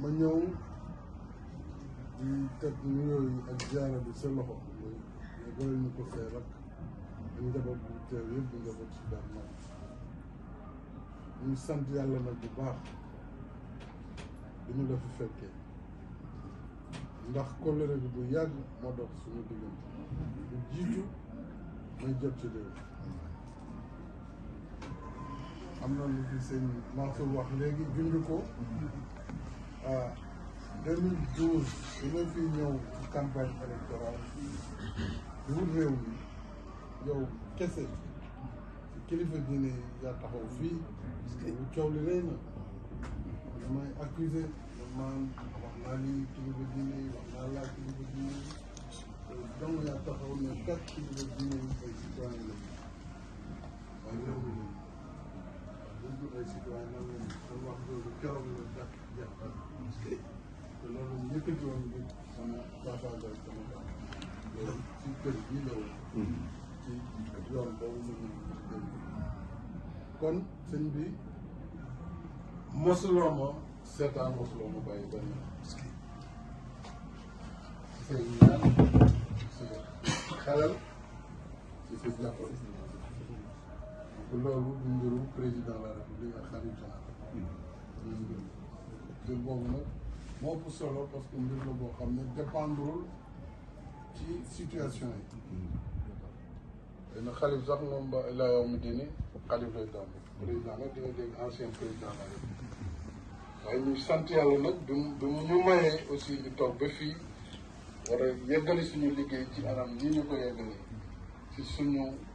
ma ñëw di teg nuyoo yi ak ziara bi sa loxo muy nga gënal ñu ko fee rak ak njaboot bu teew yëpp di njaboot si sant yàlla nag bu baax bi ñu fekkee ndax kóllëre bi bu yàgg moo dox suñu diggante bu jiitu may jot ci réew am na lu fi seen Mansour wax léegi junj ko ah 2012 bi ma fi ñëw ci campagne électorale di wut réew mi yow kese kilifa diine yi yaa taxaw fii bu coow li rëy na damay accusé man wax naa lii kilifa diine yi wax naa laa kilifa diine yi euh, donc yaa taxaw ne kat kilifa diine yi ay citoyen la waaye réew mi keroog la jàpp jàpp kon sëñ bi mosuloo ma seetaan mosuloo ma bàyyi benn ci say ñaan ci sa xelal ci loolu du mbiru président de la république ak boobu nag moo ëpp solo parce que mbir la boo xam ne dépendrul ci situation yi dana xalif sax moom ba ilaa yawmi dini xalif lay daan président nag dina dégg ancien président la rek waaye ñu sant yàlla nag du du ñu mayee aussi ñu toog ba fii war a yeggali suñu liggéey ci anam ñii ñu ko yeggali ci suñu